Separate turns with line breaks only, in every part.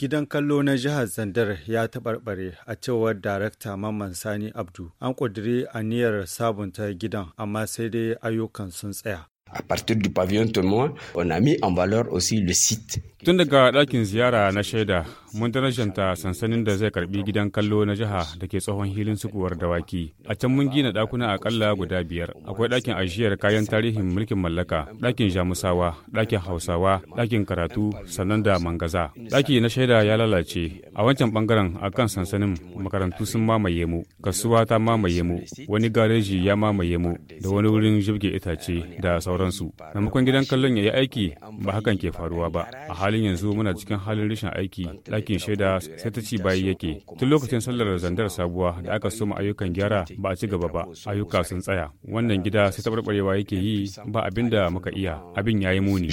Gidan kallo na jihar Zandar ya taɓarɓare a cewar Darakta Mamman Sani Abdu. An ƙudiri aniyar sabunta gidan, amma sai dai ayyukan sun tsaya.
A partir du pavillon moi on a mis en valeur aussi le site. Tun daga ɗakin ziyara na shaida, mun darajanta sansanin da zai karbi gidan kallo na jiha da ke tsohon hilin sukuwar dawaki. A can mun gina ɗakuna aƙalla guda biyar. Akwai ɗakin ajiyar kayan tarihin mulkin mallaka, ɗakin jamusawa, ɗakin hausawa, ɗakin karatu, sannan da mangaza. Ɗaki na shaida ya lalace. A wancan bangaren akan sansanin makarantu sun mamaye mu, kasuwa ta mamaye mu, wani gareji ya mamaye mu, da wani wurin jibge itace da sauran sauransu maimakon gidan kallon ya yi aiki ba hakan ke faruwa ba a halin yanzu muna cikin halin rashin aiki ɗakin shaida sai ta ci bayi yake tun lokacin sallar zandar sabuwa da aka soma ayyukan gyara ba a ci gaba ba ayyuka sun tsaya wannan gida sai taɓarɓarewa yake yi ba abin da muka iya abin ya yi muni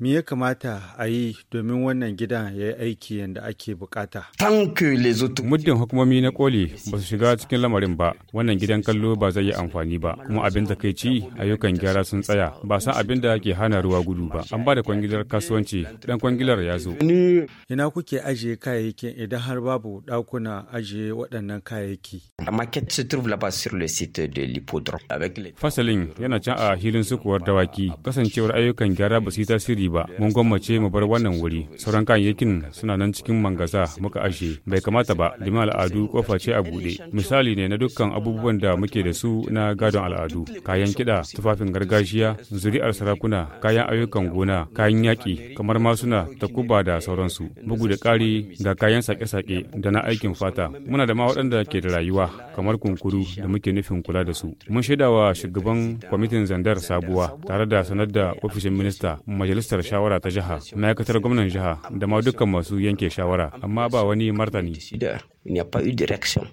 me ya kamata a yi domin wannan gidan ya yi aiki yadda ake bukata
muddin hukumomi na koli ba su shiga cikin lamarin ba wannan gidan kallo ba zai yi amfani ba kuma abin takaici ayyukan gyara sun tsaya ba san abin da ke hana ruwa gudu ba an ba da kwangilar kasuwanci dan kwangilar ya zo ina kuke ajiye
kayayyakin idan har babu dakuna ajiye waɗannan kayayyaki
fasalin yana can a hilin sukuwar dawaki kasancewar ayyukan gyara ba su yi tasiri ba mun gwammace mu bar wannan wuri sauran kayayyakin suna nan cikin mangasa muka ajiye bai kamata ba liman al'adu kofa ce a buɗe misali ne na dukkan abubuwan da muke da su na gadon al'adu kayan kiɗa tufafin gargajiya zuri'ar sarakuna kayan ayyukan gona kayan yaƙi kamar masuna ta kuba da sauransu bugu da ƙari ga kayan sake-sake da na aikin fata muna da ma waɗanda ke da rayuwa kamar kunkuru da muke nufin kula da su mun shaida wa shugaban kwamitin zandar sabuwa tare da sanar da ofishin minista majalisar shawara ta jiha ma'aikatar gwamnan jiha da ma dukkan masu yanke shawara amma ba wani martani. Il n'y a pas eu d'érection.